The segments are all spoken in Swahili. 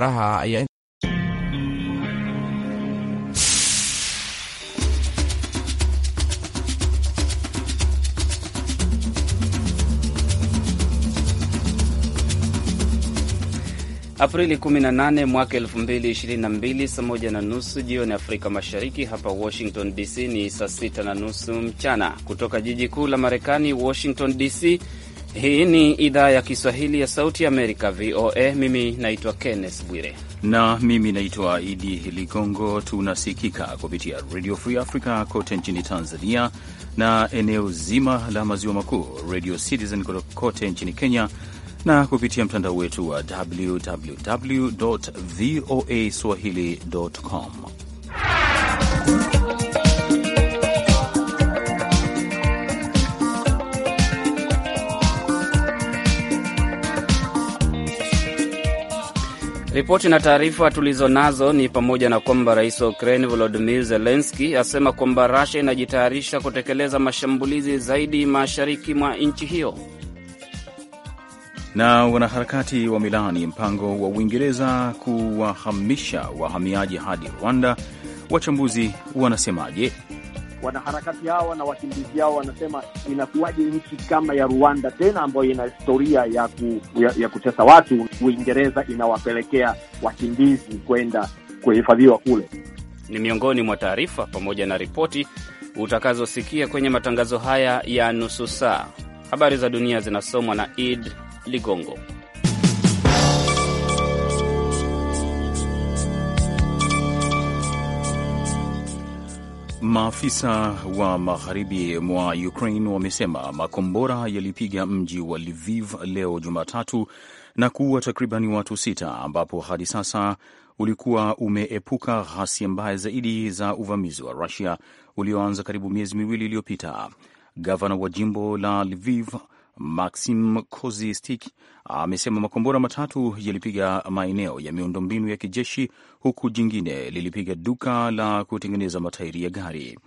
Raha ya Aprili 18 mwaka 2022, saa moja na nusu jioni Afrika Mashariki. Hapa Washington DC ni saa sita na nusu mchana. Kutoka jiji kuu la Marekani, Washington DC hii ni idhaa ya Kiswahili ya Sauti ya Amerika, VOA. Mimi naitwa Kenneth Bwire na mimi naitwa Idi Ligongo. Tunasikika kupitia Radio Free Africa kote nchini Tanzania na eneo zima la maziwa makuu, Radio Citizen kote nchini Kenya na kupitia mtandao wetu wa www voa swahili.com. Ripoti na taarifa tulizo nazo ni pamoja na kwamba rais wa Ukraini Volodimir Zelenski asema kwamba Rusia inajitayarisha kutekeleza mashambulizi zaidi mashariki mwa nchi hiyo, na wanaharakati wa milani mpango wa Uingereza kuwahamisha wahamiaji hadi Rwanda. Wachambuzi wanasemaje? wanaharakati hawa na wakimbizi hao wanasema inakuwaje nchi kama ya Rwanda tena ambayo ina historia ya, ku, ya, ya kutesa watu, Uingereza inawapelekea wakimbizi kwenda kuhifadhiwa kule. Ni miongoni mwa taarifa pamoja na ripoti utakazosikia kwenye matangazo haya ya nusu saa. Habari za dunia zinasomwa na Id Ligongo. Maafisa wa magharibi mwa Ukraine wamesema makombora yalipiga mji wa Lviv leo Jumatatu na kuua takribani watu sita, ambapo hadi sasa ulikuwa umeepuka ghasia mbaya zaidi za uvamizi wa Rusia ulioanza karibu miezi miwili iliyopita. Gavana wa jimbo la Lviv Maxim Kozistik amesema makombora matatu yalipiga maeneo ya miundombinu ya kijeshi huku jingine lilipiga duka la kutengeneza matairi ya gari.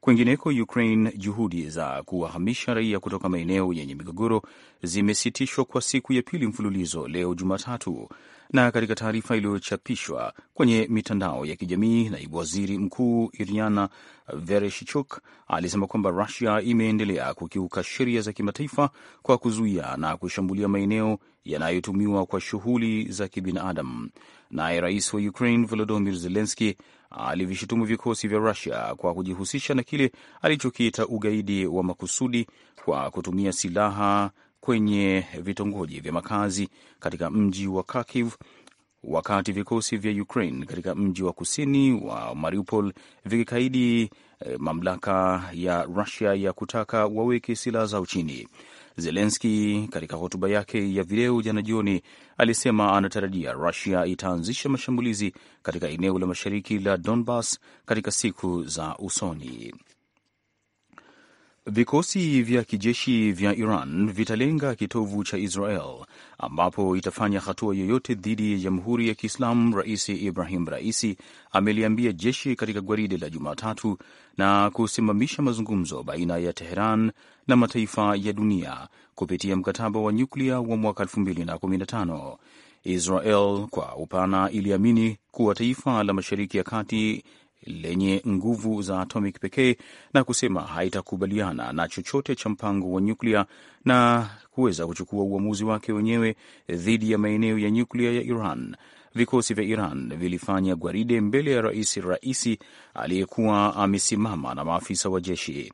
Kwingineko Ukraine, juhudi za kuwahamisha raia kutoka maeneo yenye migogoro zimesitishwa kwa siku ya pili mfululizo leo Jumatatu. Na katika taarifa iliyochapishwa kwenye mitandao ya kijamii, naibu waziri mkuu Iriana Vereshchuk alisema kwamba Rusia imeendelea kukiuka sheria za kimataifa kwa kuzuia na kushambulia maeneo yanayotumiwa kwa shughuli za kibinadamu. Naye rais wa Ukraine Volodymyr Zelenski alivishutumu vikosi vya Rusia kwa kujihusisha na kile alichokiita ugaidi wa makusudi kwa kutumia silaha kwenye vitongoji vya makazi katika mji wa Kharkiv wakati vikosi vya Ukraine katika mji wa kusini wa Mariupol vikikaidi eh, mamlaka ya Rusia ya kutaka waweke silaha zao chini. Zelenski katika hotuba yake ya video jana jioni alisema anatarajia Rusia itaanzisha mashambulizi katika eneo la mashariki la Donbas katika siku za usoni. Vikosi vya kijeshi vya Iran vitalenga kitovu cha Israel ambapo itafanya hatua yoyote dhidi ya Jamhuri ya Kiislamu, Rais Ibrahim Raisi ameliambia jeshi katika gwaride la Jumatatu na kusimamisha mazungumzo baina ya Teheran na mataifa ya dunia kupitia mkataba wa nyuklia wa mwaka 2015. Israel kwa upana iliamini kuwa taifa la Mashariki ya Kati lenye nguvu za atomic pekee na kusema haitakubaliana na chochote cha mpango wa nyuklia na kuweza kuchukua uamuzi wake wenyewe dhidi ya maeneo ya nyuklia ya Iran. Vikosi vya Iran vilifanya gwaride mbele ya rais Raisi aliyekuwa amesimama na maafisa wa jeshi.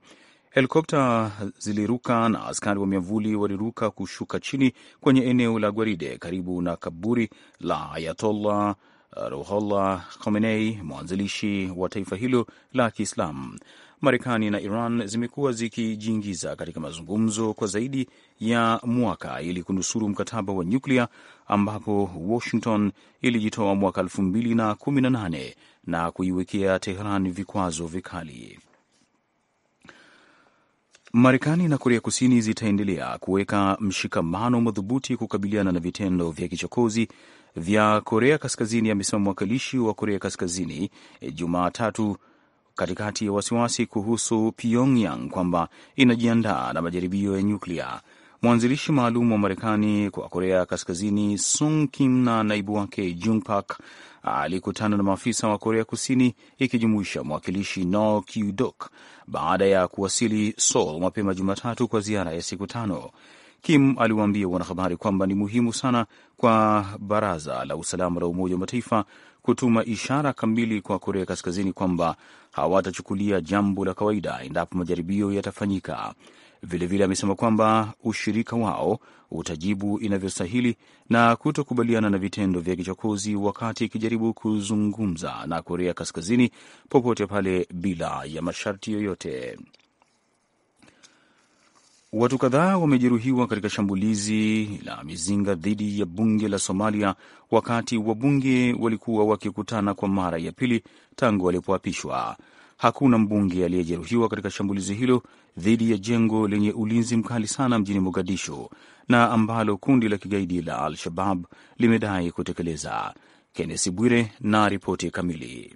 Helikopta ziliruka na askari wa miavuli waliruka kushuka chini kwenye eneo la gwaride karibu na kaburi la Ayatollah Ruhollah Khomeini, mwanzilishi wa taifa hilo la Kiislamu. Marekani na Iran zimekuwa zikijiingiza katika mazungumzo kwa zaidi ya mwaka ili kunusuru mkataba wa nyuklia ambapo Washington ilijitoa mwaka 2018 na kuiwekea Tehran vikwazo vikali. Marekani na Korea Kusini zitaendelea kuweka mshikamano madhubuti kukabiliana na vitendo vya kichokozi vya Korea Kaskazini, amesema mwakilishi wa Korea Kaskazini eh, Jumatatu, katikati ya wasiwasi kuhusu Pyongyang kwamba inajiandaa na majaribio ya nyuklia. Mwanzilishi maalum wa Marekani kwa Korea Kaskazini Sung Kim na naibu wake Jung Park alikutana na maafisa wa Korea Kusini ikijumuisha mwakilishi No kudok baada ya kuwasili Seoul mapema Jumatatu kwa ziara ya siku tano. Kim aliwaambia wanahabari kwamba ni muhimu sana kwa Baraza la Usalama la Umoja wa Mataifa kutuma ishara kamili kwa Korea Kaskazini kwamba hawatachukulia jambo la kawaida endapo majaribio yatafanyika. Vilevile amesema kwamba ushirika wao utajibu inavyostahili na kutokubaliana na vitendo vya kichokozi wakati ikijaribu kuzungumza na Korea Kaskazini popote pale bila ya masharti yoyote. Watu kadhaa wamejeruhiwa katika shambulizi la mizinga dhidi ya bunge la Somalia wakati wabunge walikuwa wakikutana kwa mara ya pili tangu walipoapishwa. Hakuna mbunge aliyejeruhiwa katika shambulizi hilo dhidi ya jengo lenye ulinzi mkali sana mjini Mogadishu na ambalo kundi la kigaidi la Al-Shabab limedai kutekeleza. Kennesi Bwire na ripoti kamili.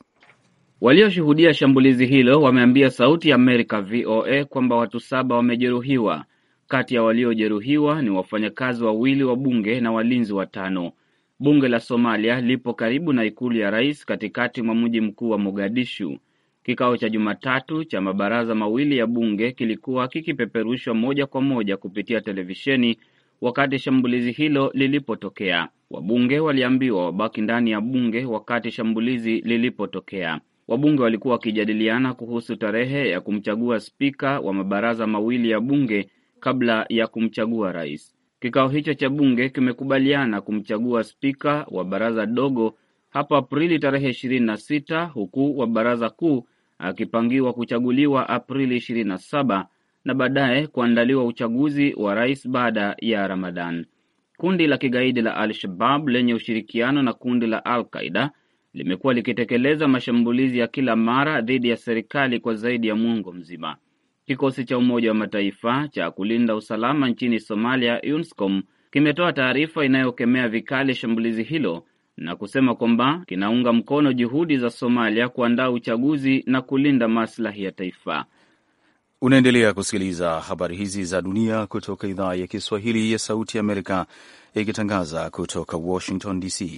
Walioshuhudia shambulizi hilo wameambia Sauti ya Amerika VOA kwamba watu saba wamejeruhiwa. Kati ya waliojeruhiwa ni wafanyakazi wawili wa bunge na walinzi watano. Bunge la Somalia lipo karibu na ikulu ya rais katikati mwa mji mkuu wa Mogadishu. Kikao cha Jumatatu cha mabaraza mawili ya bunge kilikuwa kikipeperushwa moja kwa moja kupitia televisheni wakati shambulizi hilo lilipotokea. Wabunge waliambiwa wabaki ndani ya bunge wakati shambulizi lilipotokea. Wabunge walikuwa wakijadiliana kuhusu tarehe ya kumchagua spika wa mabaraza mawili ya bunge kabla ya kumchagua rais. Kikao hicho cha bunge kimekubaliana kumchagua spika wa baraza dogo hapo Aprili tarehe 26 huku wa baraza kuu akipangiwa kuchaguliwa Aprili 27 na baadaye kuandaliwa uchaguzi wa rais baada ya Ramadan. Kundi la kigaidi la Al-Shabab lenye ushirikiano na kundi la Al-Qaida limekuwa likitekeleza mashambulizi ya kila mara dhidi ya serikali kwa zaidi ya mwongo mzima. Kikosi cha Umoja wa Mataifa cha kulinda usalama nchini Somalia, UNSCOM, kimetoa taarifa inayokemea vikali shambulizi hilo na kusema kwamba kinaunga mkono juhudi za Somalia kuandaa uchaguzi na kulinda maslahi ya taifa. Unaendelea kusikiliza habari hizi za dunia kutoka idhaa ya Kiswahili ya Sauti ya Amerika ikitangaza kutoka Washington DC.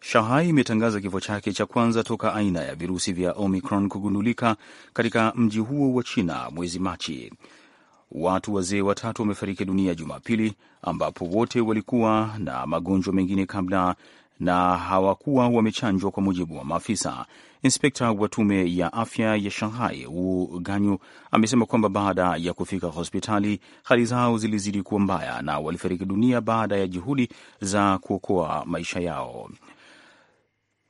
Shanghai imetangaza kifo chake cha kwanza toka aina ya virusi vya Omicron kugundulika katika mji huo wa China mwezi Machi. Watu wazee watatu wamefariki dunia Jumapili, ambapo wote walikuwa na magonjwa mengine kabla na hawakuwa wamechanjwa kwa mujibu wa maafisa. Inspekta wa tume ya afya ya Shanghai Wu Ganyu amesema kwamba baada ya kufika hospitali hali zao zilizidi kuwa mbaya na walifariki dunia baada ya juhudi za kuokoa maisha yao.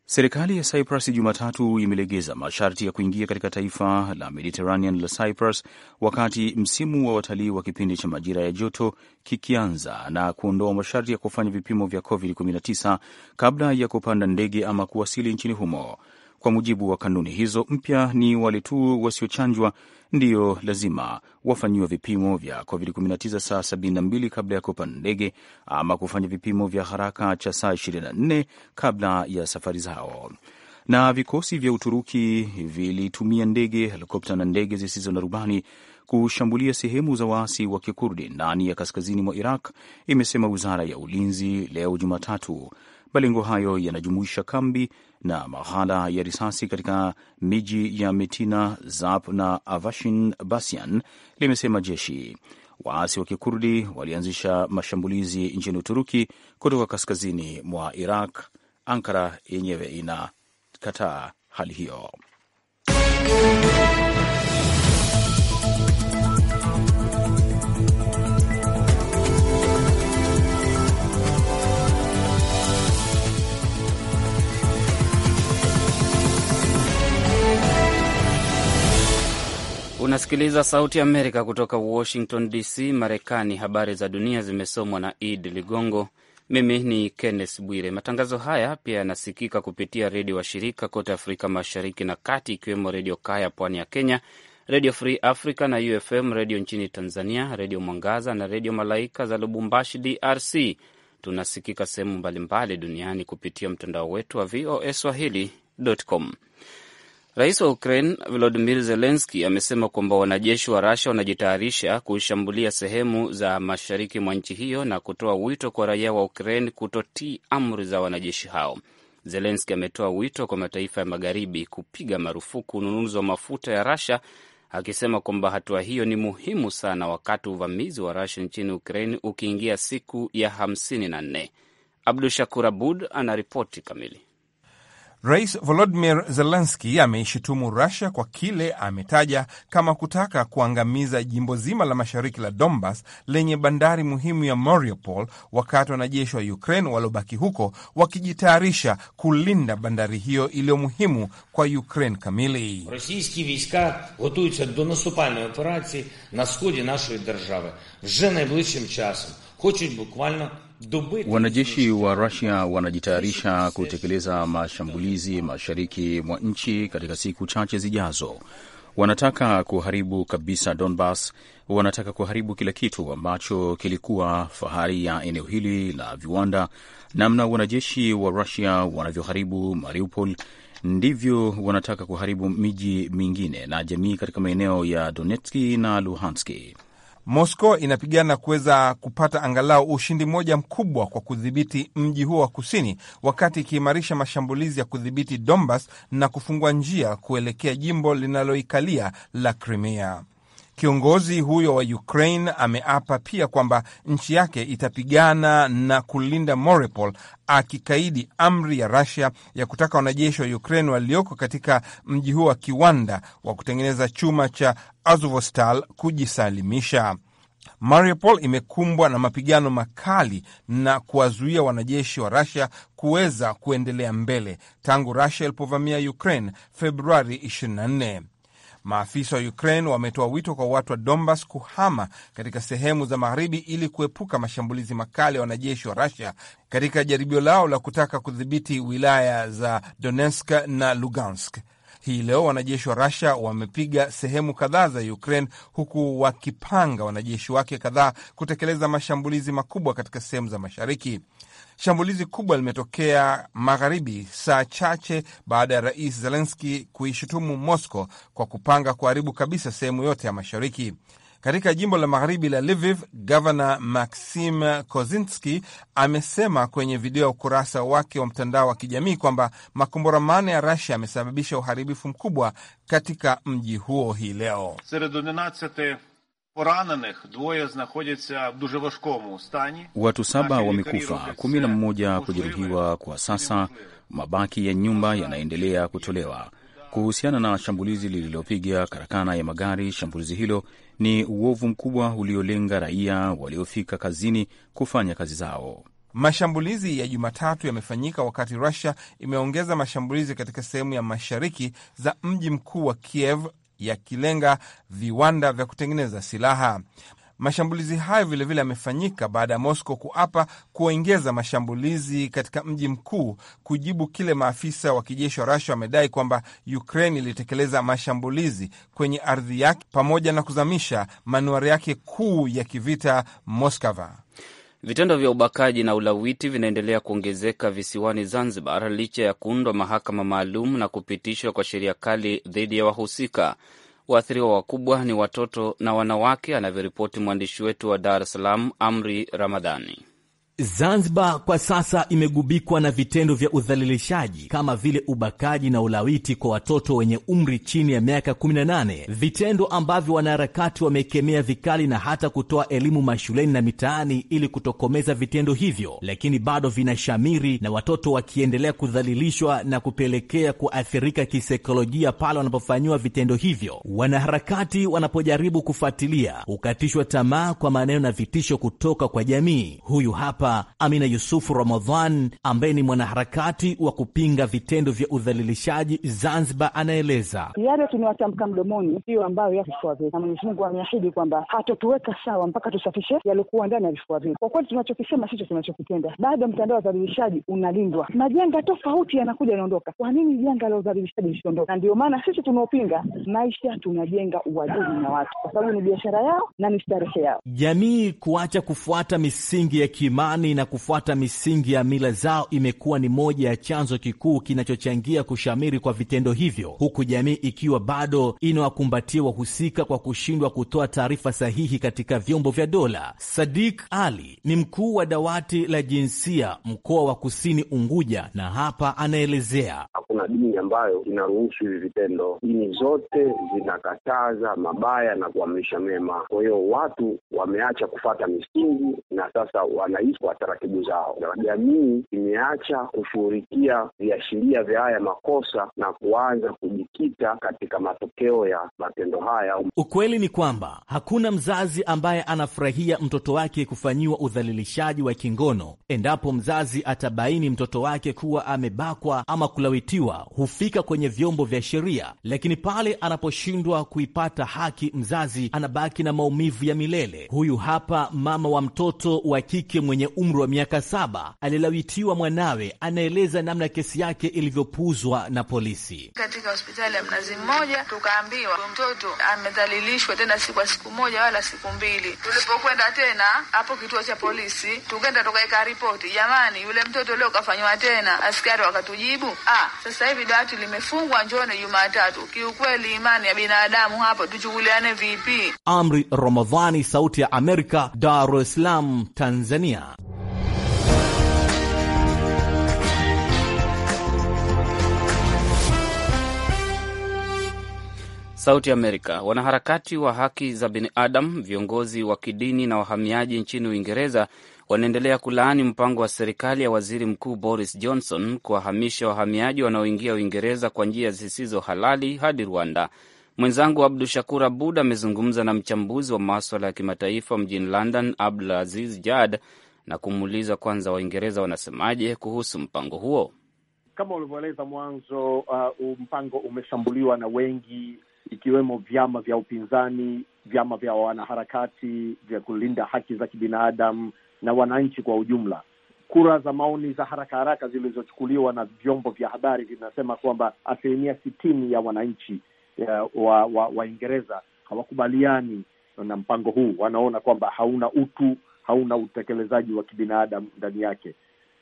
Serikali ya Cyprus Jumatatu imelegeza masharti ya kuingia katika taifa la Mediterranean la Cyprus wakati msimu wa watalii wa kipindi cha majira ya joto kikianza na kuondoa masharti ya kufanya vipimo vya COVID-19 kabla ya kupanda ndege ama kuwasili nchini humo. Kwa mujibu wa kanuni hizo mpya, ni wale tu wasiochanjwa ndiyo lazima wafanyiwe vipimo vya COVID-19 saa 72 kabla ya kupanda ndege ama kufanya vipimo vya haraka cha saa 24 kabla ya safari zao. Na vikosi vya Uturuki vilitumia ndege, helikopta na ndege zisizo na rubani kushambulia sehemu za waasi wa Kikurdi ndani ya kaskazini mwa Iraq, imesema wizara ya ulinzi leo Jumatatu. Malengo hayo yanajumuisha kambi na maghala ya risasi katika miji ya Metina, Zap na Avashin Basian, limesema jeshi. Waasi wa Kikurdi walianzisha mashambulizi nchini Uturuki kutoka kaskazini mwa Iraq. Ankara yenyewe inakataa hali hiyo. Unasikiliza Sauti Amerika kutoka Washington DC, Marekani. Habari za dunia zimesomwa na ed Ligongo. Mimi ni Kenneth Bwire. Matangazo haya pia yanasikika kupitia redio washirika kote Afrika Mashariki na Kati, ikiwemo Redio Kaya pwani ya Kenya, Redio Free Africa na UFM Redio nchini Tanzania, Redio Mwangaza na Redio Malaika za Lubumbashi, DRC. Tunasikika sehemu mbalimbali duniani kupitia mtandao wetu wa VOA Swahili.com. Rais wa Ukraine volodimir zelenski amesema kwamba wanajeshi wa Russia wanajitayarisha kushambulia sehemu za mashariki mwa nchi hiyo na kutoa wito kwa raia wa Ukraine kutotii amri za wanajeshi hao. zelenski ametoa wito kwa mataifa ya magharibi kupiga marufuku ununuzi wa mafuta ya rasha akisema kwamba hatua hiyo ni muhimu sana wakati uvamizi wa Russia nchini Ukraine ukiingia siku ya hamsini na nne. Abdu Shakur Abud ana ripoti kamili. Rais Volodimir Zelenski ameishutumu Rusia kwa kile ametaja kama kutaka kuangamiza jimbo zima la mashariki la Donbas lenye bandari muhimu ya Mariupol, wakati wanajeshi wa Ukraine waliobaki huko wakijitayarisha kulinda bandari hiyo iliyo muhimu kwa Ukraine kamili. rosiski viska готуються do наступальної операції na сході нашої держави вже найближчим chasom хочуть буквально Wanajeshi wa Rusia wanajitayarisha kutekeleza mashambulizi mashariki mwa nchi katika siku chache zijazo. Wanataka kuharibu kabisa Donbas, wanataka kuharibu kila kitu ambacho kilikuwa fahari ya eneo hili la viwanda. Namna wanajeshi wa Rusia wanavyoharibu Mariupol, ndivyo wanataka kuharibu miji mingine na jamii katika maeneo ya Donetski na Luhanski. Moscow inapigana kuweza kupata angalau ushindi mmoja mkubwa kwa kudhibiti mji huo wa kusini, wakati ikiimarisha mashambulizi ya kudhibiti Donbas na kufungua njia kuelekea jimbo linaloikalia la Crimea. Kiongozi huyo wa Ukraine ameapa pia kwamba nchi yake itapigana na kulinda Mariupol, akikaidi amri ya Russia ya kutaka wanajeshi wa Ukraine walioko katika mji huo wa kiwanda wa kutengeneza chuma cha Azovstal kujisalimisha. Mariupol imekumbwa na mapigano makali na kuwazuia wanajeshi wa Russia kuweza kuendelea mbele tangu Russia ilipovamia Ukraine Februari 24. Maafisa wa Ukraine wametoa wito kwa watu wa Donbas kuhama katika sehemu za magharibi ili kuepuka mashambulizi makali ya wanajeshi wa Rusia katika jaribio lao la kutaka kudhibiti wilaya za Donetsk na Lugansk. Hii leo wanajeshi wa Russia wamepiga sehemu kadhaa za Ukraine, huku wakipanga wanajeshi wake kadhaa kutekeleza mashambulizi makubwa katika sehemu za mashariki. Shambulizi kubwa limetokea magharibi saa chache baada ya rais Zelenski kuishutumu Moscow kwa kupanga kuharibu kabisa sehemu yote ya mashariki. Katika jimbo la magharibi la Lviv, gavana Maxim Kozinski amesema kwenye video ya ukurasa wake wa mtandao wa kijamii kwamba makombora manne ya Rasia yamesababisha uharibifu mkubwa katika mji huo hii leo. Watu saba wamekufa, kumi na mmoja kujeruhiwa. Kwa sasa mabaki ya nyumba yanaendelea kutolewa. Kuhusiana na shambulizi lililopiga karakana ya magari, shambulizi hilo ni uovu mkubwa uliolenga raia waliofika kazini kufanya kazi zao. Mashambulizi ya Jumatatu yamefanyika wakati Rusia imeongeza mashambulizi katika sehemu ya mashariki za mji mkuu wa Kiev yakilenga viwanda vya kutengeneza silaha. Mashambulizi hayo vilevile yamefanyika baada ya mosco kuapa kuongeza mashambulizi katika mji mkuu kujibu kile maafisa wa kijeshi wa rasha wamedai kwamba Ukraine ilitekeleza mashambulizi kwenye ardhi yake pamoja na kuzamisha manuari yake kuu ya kivita moskva Vitendo vya ubakaji na ulawiti vinaendelea kuongezeka visiwani Zanzibar licha ya kuundwa mahakama maalum na kupitishwa kwa sheria kali dhidi ya wahusika. Waathiriwa wakubwa ni watoto na wanawake, anavyoripoti mwandishi wetu wa Dar es Salaam, Amri Ramadhani. Zanzibar kwa sasa imegubikwa na vitendo vya udhalilishaji kama vile ubakaji na ulawiti kwa watoto wenye umri chini ya miaka 18, vitendo ambavyo wanaharakati wamekemea vikali na hata kutoa elimu mashuleni na mitaani ili kutokomeza vitendo hivyo, lakini bado vinashamiri na watoto wakiendelea kudhalilishwa na kupelekea kuathirika kisaikolojia pale wanapofanyiwa vitendo hivyo. Wanaharakati wanapojaribu kufuatilia, hukatishwa tamaa kwa maneno na vitisho kutoka kwa jamii. Huyu hapa hapa Amina Yusufu Ramadhan ambaye ni mwanaharakati wa kupinga vitendo vya udhalilishaji Zanzibar, anaeleza yale yaani tunawatamka mdomoni hiyo ambayo ya vifua vyetu, na Mwenyezi Mungu ameahidi kwamba hatotuweka sawa mpaka tusafishe yaliokuwa ndani ya vifua vyetu. Kwa kweli tunachokisema sicho tunachokitenda. Bado mtandao wa udhalilishaji unalindwa, majanga tofauti yanakuja yanaondoka. Kwa nini janga la udhalilishaji lisiondoka? Na ndio maana sisi tunaopinga maisha tunajenga uadili na watu, kwa sababu ni biashara yao na ni starehe yao, jamii kuacha kufuata misingi ya kiimani imani na kufuata misingi ya mila zao imekuwa ni moja ya chanzo kikuu kinachochangia kushamiri kwa vitendo hivyo, huku jamii ikiwa bado inawakumbatia wahusika kwa kushindwa kutoa taarifa sahihi katika vyombo vya dola. Sadik Ali ni mkuu wa dawati la jinsia mkoa wa Kusini Unguja, na hapa anaelezea hakuna dini ambayo inaruhusu hivi vitendo. Dini zote zinakataza mabaya na kuamrisha mema. Kwa hiyo watu wameacha kufata misingi na sasa wanaishi kwa taratibu zao, na jamii imeacha kushughulikia viashiria vya haya makosa na kuanza kujikita katika matokeo ya matendo haya. Ukweli ni kwamba hakuna mzazi ambaye anafurahia mtoto wake kufanyiwa udhalilishaji wa kingono endapo mzazi atabaini mtoto wake kuwa amebakwa ama kulawitiwa anayedaiwa hufika kwenye vyombo vya sheria, lakini pale anaposhindwa kuipata haki, mzazi anabaki na maumivu ya milele. Huyu hapa mama wa mtoto wa kike mwenye umri wa miaka saba alilawitiwa mwanawe, anaeleza namna kesi yake ilivyopuuzwa na polisi. Katika hospitali ya Mnazi Mmoja tukaambiwa mtoto amedhalilishwa, tena si kwa siku moja wala siku mbili. Tulipokwenda tena hapo kituo cha polisi, tukenda tukaeka ripoti, jamani, yule mtoto leo kafanyiwa tena. Askari wakatujibu ah, sasa hivi dawati limefungwa, njoni Jumatatu. Kiukweli imani ya binadamu hapa, tuchukuliane vipi? Amri Ramadhani, Sauti ya Amerika, Dar es Salaam, Tanzania. Sauti Amerika. Wanaharakati wa haki za binadamu, viongozi wa kidini na wahamiaji nchini Uingereza wanaendelea kulaani mpango wa serikali ya waziri mkuu Boris Johnson kuwahamisha wahamiaji wanaoingia Uingereza kwa njia zisizo halali hadi Rwanda. Mwenzangu Abdu Shakur Abud amezungumza na mchambuzi wa maswala ya kimataifa mjini London, Abdul Aziz Jad, na kumuuliza kwanza Waingereza wanasemaje kuhusu mpango huo. Kama ulivyoeleza mwanzo, uh, mpango umeshambuliwa na wengi, ikiwemo vyama vya upinzani, vyama vya wanaharakati vya kulinda haki za kibinadamu na wananchi kwa ujumla. Kura za maoni za haraka haraka zilizochukuliwa na vyombo vya habari vinasema kwamba asilimia sitini ya wananchi eh, wa Waingereza wa hawakubaliani na mpango huu, wanaona kwamba hauna utu, hauna utekelezaji wa kibinadamu ndani yake.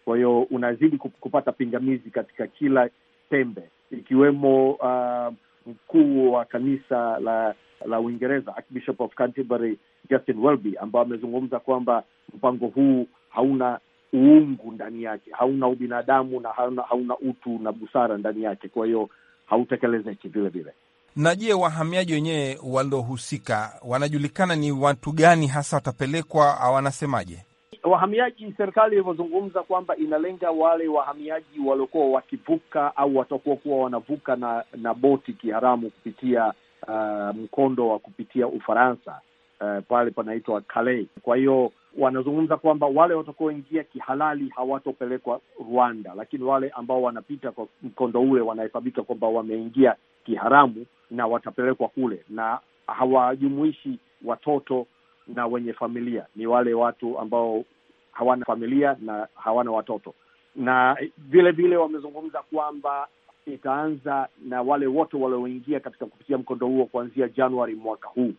Kwa hiyo unazidi kupata pingamizi katika kila pembe, ikiwemo uh, mkuu wa kanisa la la Uingereza Archbishop of Canterbury Justin Welby ambao amezungumza kwamba mpango huu hauna uungu ndani yake, hauna ubinadamu na hauna, hauna utu na busara ndani yake, kwa hiyo hautekelezeki vile vile. Na je, wahamiaji wenyewe waliohusika wanajulikana ni watu gani hasa watapelekwa wanasemaje? Wahamiaji, serikali ilivyozungumza kwamba inalenga wale wahamiaji waliokuwa wakivuka au watakuwa kuwa wanavuka na na boti kiharamu kupitia uh, mkondo wa kupitia Ufaransa eh, pale panaitwa Calais. Kwa hiyo wanazungumza kwamba wale watakaoingia kihalali hawatopelekwa Rwanda, lakini wale ambao wanapita kwa mkondo ule wanahesabika kwamba wameingia kiharamu na watapelekwa kule, na hawajumuishi watoto na wenye familia, ni wale watu ambao hawana familia na hawana watoto. Na vile vile wamezungumza kwamba itaanza na wale wote walioingia katika kupitia mkondo huo kuanzia Januari mwaka huu.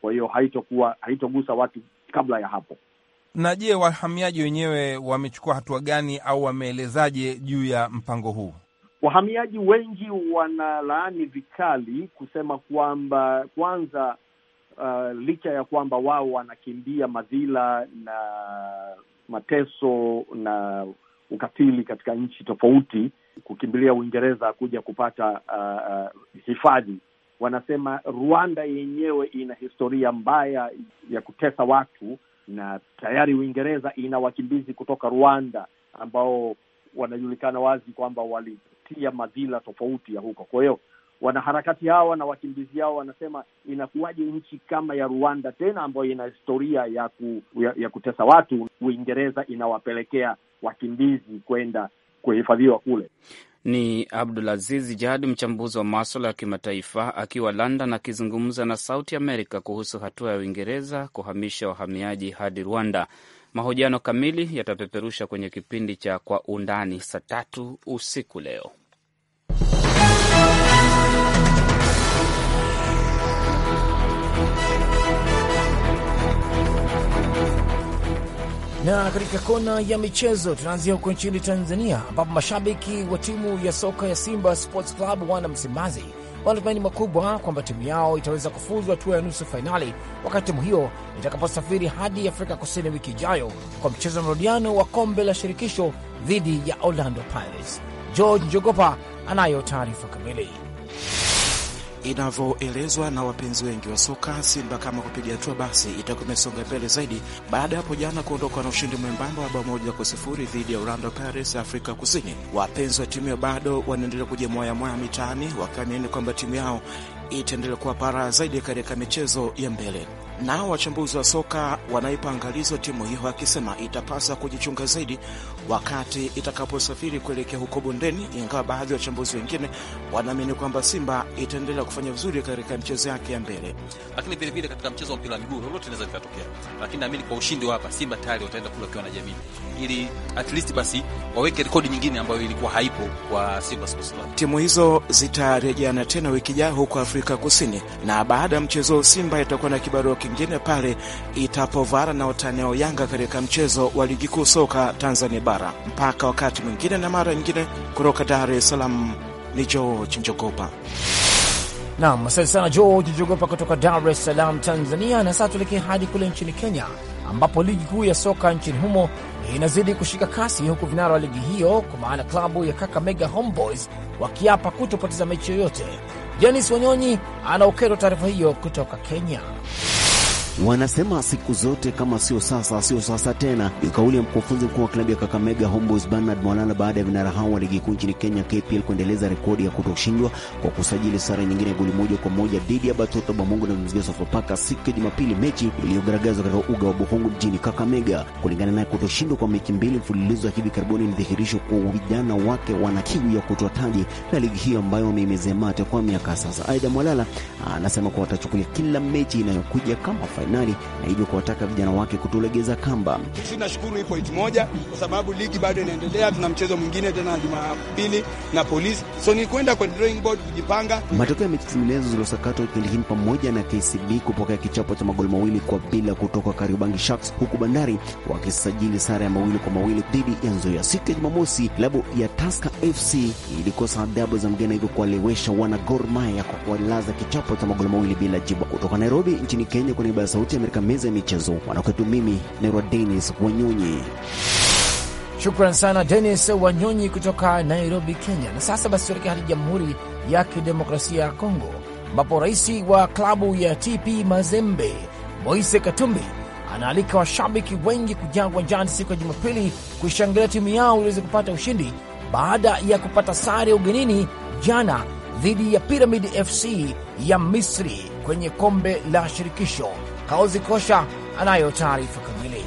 Kwa hiyo haitokuwa haitogusa watu kabla ya hapo. Na je, wahamiaji wenyewe wamechukua hatua gani au wameelezaje juu ya mpango huu? Wahamiaji wengi wanalaani vikali kusema kwamba kwanza, uh, licha ya kwamba wao wanakimbia madhila na mateso na ukatili katika nchi tofauti, kukimbilia Uingereza kuja kupata uh, uh hifadhi wanasema Rwanda yenyewe ina historia mbaya ya kutesa watu, na tayari Uingereza ina wakimbizi kutoka Rwanda ambao wanajulikana wazi kwamba walitia madhila tofauti ya huko. Kwa hiyo wanaharakati hawa na wakimbizi hao wanasema inakuwaje nchi kama ya Rwanda tena ambayo ina historia ya, ku, ya, ya kutesa watu, Uingereza inawapelekea wakimbizi kwenda kuhifadhiwa kule. Ni Abdulaziz Jad, mchambuzi wa maswala ya kimataifa, akiwa London akizungumza na Sauti Amerika kuhusu hatua ya Uingereza kuhamisha wahamiaji hadi Rwanda. Mahojiano kamili yatapeperusha kwenye kipindi cha Kwa Undani saa tatu usiku leo. Na katika kona ya michezo tunaanzia huko nchini Tanzania, ambapo mashabiki wa timu ya soka ya Simba Sports Club wana Msimbazi wanatumaini makubwa kwamba timu yao itaweza kufuzu hatua ya nusu fainali, wakati timu hiyo itakaposafiri hadi Afrika Kusini wiki ijayo kwa mchezo wa marudiano wa kombe la shirikisho dhidi ya Orlando Pirates. George Njogopa anayo taarifa kamili inavyoelezwa na wapenzi wengi wa soka, Simba kama kupiga hatua basi itakuwa imesonga mbele zaidi baada ya hapo jana kuondoka na ushindi mwembamba wa bao moja kwa sifuri dhidi ya Orlando paris Afrika Kusini. Wapenzi wa timu hiyo bado wanaendelea kujamoyamwaya mitaani wakiamini kwamba timu yao itaendelea kuwa para zaidi katika michezo ya mbele. Nao wachambuzi wa soka wanaipa angalizo timu hiyo, akisema itapasa kujichunga zaidi wakati itakaposafiri kuelekea huko bondeni, ingawa baadhi ya wachambuzi wengine wanaamini kwamba Simba itaendelea kufanya vizuri katika michezo yake ya mbele. Lakini vilevile katika mchezo wa mpira wa miguu lolote inaweza likatokea, lakini naamini kwa ushindi wa hapa Simba tayari wataenda kula wakiwa na jamii, ili at least basi waweke rekodi nyingine ambayo ilikuwa haipo kwa Simba Sports Club. Timu hizo zitarejeana tena wiki ijayo huko Afrika Kusini, na baada ya mchezo Simba itakuwa na kibarua kingine pale itapovara na utaneo Yanga katika mchezo wa ligi kuu soka Tanzania Bara. Mpaka wakati mwingine na mara nyingine, kutoka Dar es Salaam ni George Njogopa. Nam, asante sana George Njogopa kutoka Dar es Salaam, Tanzania. Na sasa tuelekee hadi kule nchini Kenya, ambapo ligi kuu ya soka nchini humo inazidi kushika kasi, huku vinara wa ligi hiyo kwa maana klabu ya Kakamega Homeboys wakiapa kutopoteza mechi yoyote. Denis Wanyonyi anaokerwa taarifa hiyo kutoka Kenya. Wanasema siku zote kama sio sasa, sio sasa tena. Ni kauli ya mkufunzi mkuu wa klabu ya Kakamega Homeboys Bernard Mwalala baada ya vinara hao wa ligi kuu nchini Kenya KPL kuendeleza rekodi ya kutoshindwa kwa kusajili sare nyingine ya goli moja kwa moja dhidi ya Batoto Mungu na mzige Sofapaka siku ya Jumapili, mechi iliyogaragazwa katika uga wa Buhungu mjini Kakamega. Kulingana naye, kutoshindwa kwa mechi mbili mfululizo ya hivi karibuni ni dhihirisho kuwa vijana wake wana kiu ya kutoa taji na ligi hiyo ambayo wameimezemate kwa miaka sasa. Aidha, Mwalala anasema kuwa watachukulia kila mechi inayokuja kama fai fainali na hivyo kuwataka vijana wake kutulegeza kamba. Sisi tunashukuru hii point moja, kwa sababu ligi bado inaendelea. Tuna mchezo mwingine tena Jumapili na Polisi, so ni kwenda kwa drawing board kujipanga. Matokeo ya mechi zinginezo zilizosakatwa kipindi hii pamoja na KCB kupokea kichapo cha magoli mawili kwa bila kutoka Kariobangi Sharks, huku Bandari wakisajili sare ya mawili kwa mawili dhidi ya Nzoia. Siku ya Jumamosi, klabu ya Tusker FC ilikosa adabu za mgeni, hivyo kuwalewesha wana Gor Mahia kwa kuwalaza kichapo cha magoli mawili bila jibu. Kutoka Nairobi nchini Kenya, kwa niaba ya Sauti ya Amerika, meza ya michezo. Wanakwetu, mimi naitwa Denis Wanyonyi. Shukran sana Denis Wanyonyi kutoka Nairobi, Kenya. Na sasa basi tuelekea hadi Jamhuri ya Kidemokrasia ya Kongo, ambapo rais wa klabu ya TP Mazembe Moise Katumbi anaalika washabiki wengi kujaa uwanjani siku ya Jumapili kuishangilia timu yao iliweze kupata ushindi baada ya kupata sare ugenini jana dhidi ya Pyramid FC ya Misri kwenye kombe la shirikisho Kaozi Kosha anayo taarifa kamili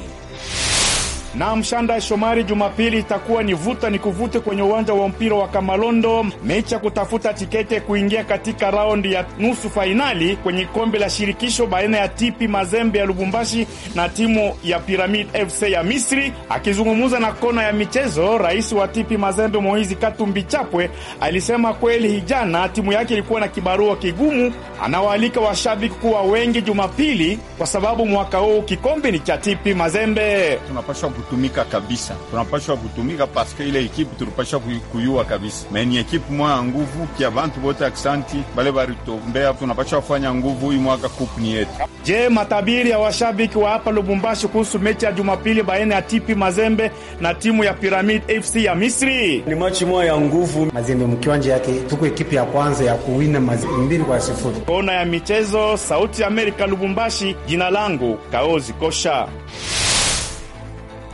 na Mshanda Shomari. Jumapili itakuwa ni vuta ni kuvute kwenye uwanja wa mpira wa Kamalondo, mechi ya kutafuta tikete kuingia katika raundi ya nusu fainali kwenye kombe la shirikisho baina ya Tipi Mazembe ya Lubumbashi na timu ya Pyramid FC ya Misri. Akizungumza na kona ya michezo, rais wa Tipi Mazembe Moizi Katumbi Chapwe alisema kweli hijana timu yake ilikuwa na kibarua kigumu. Anawaalika washabiki kuwa wengi Jumapili kwa sababu mwaka huu kikombe ni cha Tipi Mazembe. Tunapaswa kutumika kabisa, tunapashwa kutumika paske ile ekipe tulipashwa kuyua kabisa meni ekipe mwa nguvu kia bantu bote aksanti bale baritombea, tunapashwa kufanya nguvu hii mwaka kupu ni yetu. Je, matabiri ya washabiki wa hapa Lubumbashi kuhusu mechi ya Jumapili baina ya TP Mazembe na timu ya Pyramid FC ya Misri? Ni machi mwa ya nguvu. Mazembe mkiwanja yake tuko ekipe ya kwanza ya kuwina Mazembe mbili kwa sifuri. Kona ya michezo, Sauti ya Amerika, Lubumbashi. Jina langu Kaozi Kosha.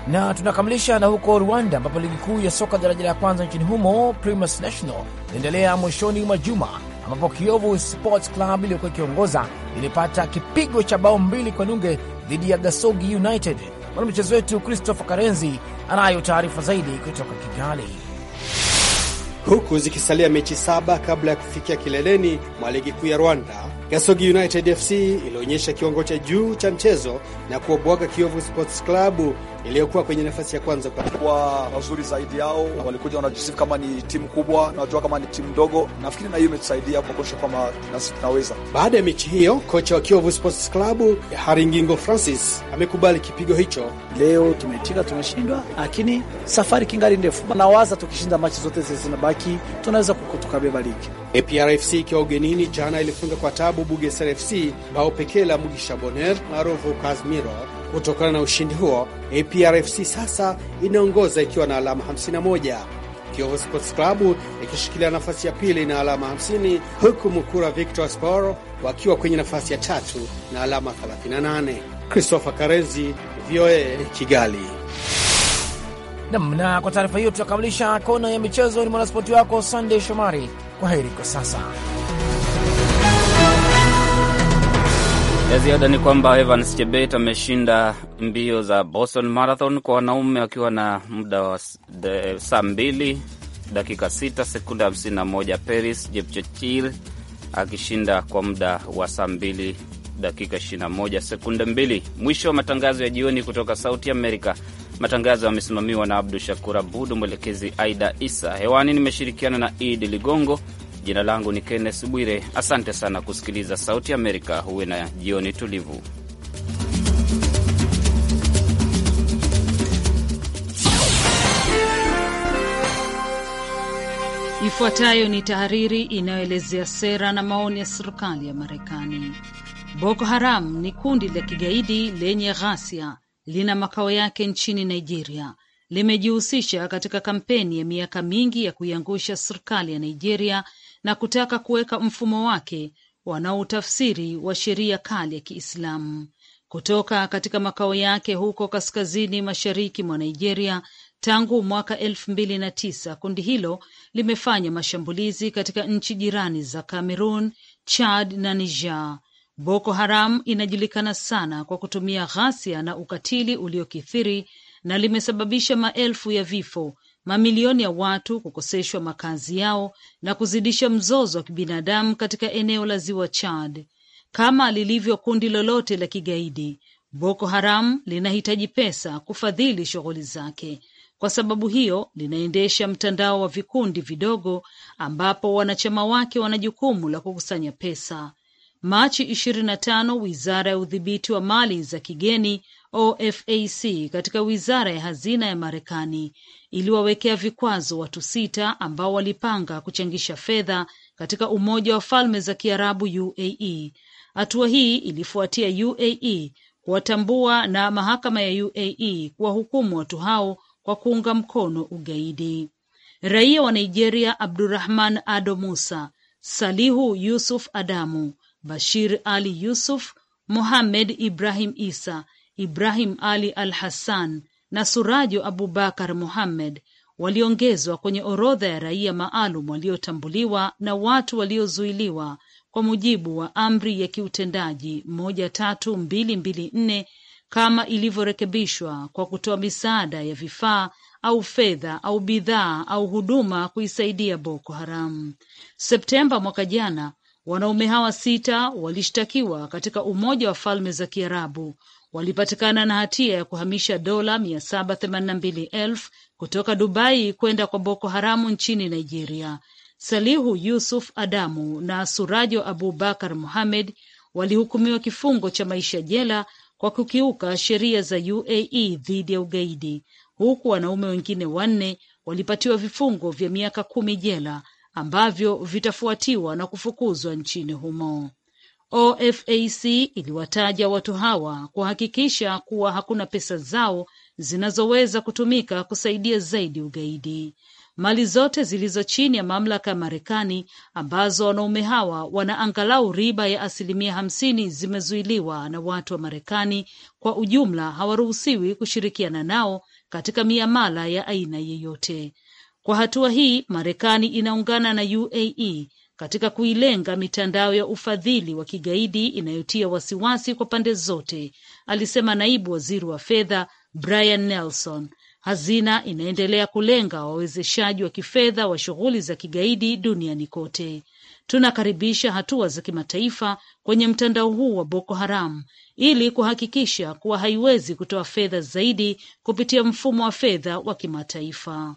Na tunakamilisha na huko Rwanda, ambapo ligi kuu ya soka daraja la kwanza nchini humo Primus National inaendelea mwishoni mwa juma, ambapo Kiovu Sports Club iliyokuwa ikiongoza ilipata kipigo cha bao mbili kwa nunge dhidi ya Gasogi United. mchezo wetu Christopher Karenzi anayo taarifa zaidi kutoka Kigali. Huku zikisalia mechi saba kabla ya kufikia kileleni mwa ligi kuu ya Rwanda, Gasogi United FC ilionyesha kiwango cha juu cha mchezo na kuobwaga Kiovu Sports Club iliyokuwa kwenye nafasi ya kwanza. Kwa wazuri zaidi yao walikuja wanajisifu kama ni timu kubwa na watu kama ni timu ndogo. Nafikiri na hiyo imetusaidia kuonyesha kwamba nasi tunaweza. Baada ya mechi hiyo, kocha wa Kiovu Sports Club Haringingo Francis amekubali kipigo hicho. Leo tumetika, tumeshindwa, lakini safari kingali ndefu. Nawaza tukishinda machi zote zile zinabaki, tunaweza kutukabeba ligi. APRFC ikiwa ugenini jana ilifunga kwa tabu Bugesera FC bao pekee la Mugisha Boner na Rovo Kazmiro Kutokana na ushindi huo, APRFC sasa inaongoza ikiwa na alama 51, Kiyovu Sports Club ikishikilia nafasi ya pili na alama 50, huku Mukura Victor Spor wakiwa kwenye nafasi ya tatu na alama 38. Christopher Karenzi, VOA Kigali. Nam, na kwa taarifa hiyo tutakamilisha kona ya michezo. Ni mwanaspoti wako sandey Shomari. Kwa heri kwa sasa. Ya ziada ni kwamba Evans Chebet ameshinda mbio za Boston Marathon kwa wanaume akiwa na muda wa saa mbili dakika hamsini na moja. Paris Jepchirchir akishinda kwa muda wa saa mbili dakika moja sekunde 2. Mwisho wa matangazo ya jioni kutoka Sauti Amerika. Matangazo yamesimamiwa na Abdu Shakur Abud, mwelekezi Aida Isa. Hewani nimeshirikiana na Idi Ligongo. Jina langu ni Kenneth Bwire. Asante sana kusikiliza Sauti Amerika. Huwe na jioni tulivu. Ifuatayo ni tahariri inayoelezea sera na maoni ya serikali ya Marekani. Boko Haram ni kundi la kigaidi lenye ghasia, lina makao yake nchini Nigeria limejihusisha katika kampeni ya miaka mingi ya kuiangusha serikali ya Nigeria na kutaka kuweka mfumo wake wanaotafsiri wa sheria kali ya Kiislamu. Kutoka katika makao yake huko kaskazini mashariki mwa Nigeria tangu mwaka elfu mbili na tisa, kundi hilo limefanya mashambulizi katika nchi jirani za Cameroon, Chad na Niger. Boko Haram inajulikana sana kwa kutumia ghasia na ukatili uliokithiri na limesababisha maelfu ya vifo, mamilioni ya watu kukoseshwa makazi yao na kuzidisha mzozo wa kibinadamu katika eneo la Ziwa Chad. Kama lilivyo kundi lolote la kigaidi, Boko Haram linahitaji pesa kufadhili shughuli zake. Kwa sababu hiyo linaendesha mtandao wa vikundi vidogo ambapo wanachama wake wana jukumu la kukusanya pesa. Machi 25 na tano wizara ya udhibiti wa mali za kigeni OFAC katika wizara ya hazina ya Marekani iliwawekea vikwazo watu sita ambao walipanga kuchangisha fedha katika Umoja wa Falme za Kiarabu UAE. Hatua hii ilifuatia UAE kuwatambua na mahakama ya UAE kuwahukumu watu hao kwa kuunga mkono ugaidi. Raia wa Nigeria Abdurrahman Ado Musa, Salihu Yusuf Adamu Bashir Ali Yusuf Muhamed Ibrahim Isa Ibrahim Ali Al Hassan na Surajo Abubakar Mohammed waliongezwa kwenye orodha ya raia maalum waliotambuliwa na watu waliozuiliwa kwa mujibu wa amri ya kiutendaji 13224 kama ilivyorekebishwa kwa kutoa misaada ya vifaa au fedha au bidhaa au huduma kuisaidia Boko Haram. Septemba mwaka jana Wanaume hawa sita walishtakiwa katika Umoja wa Falme za Kiarabu walipatikana na hatia ya kuhamisha dola 782,000 kutoka Dubai kwenda kwa Boko Haramu nchini Nigeria. Salihu Yusuf Adamu na Surajo abu bakar muhammed walihukumiwa kifungo cha maisha jela kwa kukiuka sheria za UAE dhidi ya ugaidi, huku wanaume wengine wanne walipatiwa vifungo vya miaka kumi jela ambavyo vitafuatiwa na kufukuzwa nchini humo. OFAC iliwataja watu hawa kuhakikisha kuwa hakuna pesa zao zinazoweza kutumika kusaidia zaidi ugaidi. Mali zote zilizo chini ya mamlaka ya Marekani ambazo wanaume hawa wana angalau riba ya asilimia hamsini zimezuiliwa, na watu wa Marekani kwa ujumla hawaruhusiwi kushirikiana nao katika miamala ya aina yeyote. Kwa hatua hii, Marekani inaungana na UAE katika kuilenga mitandao ya ufadhili wa kigaidi inayotia wasiwasi kwa pande zote, alisema naibu waziri wa fedha Brian Nelson. Hazina inaendelea kulenga wawezeshaji wa kifedha wa shughuli za kigaidi duniani kote. Tunakaribisha hatua za kimataifa kwenye mtandao huu wa Boko Haram ili kuhakikisha kuwa haiwezi kutoa fedha zaidi kupitia mfumo wa fedha wa kimataifa.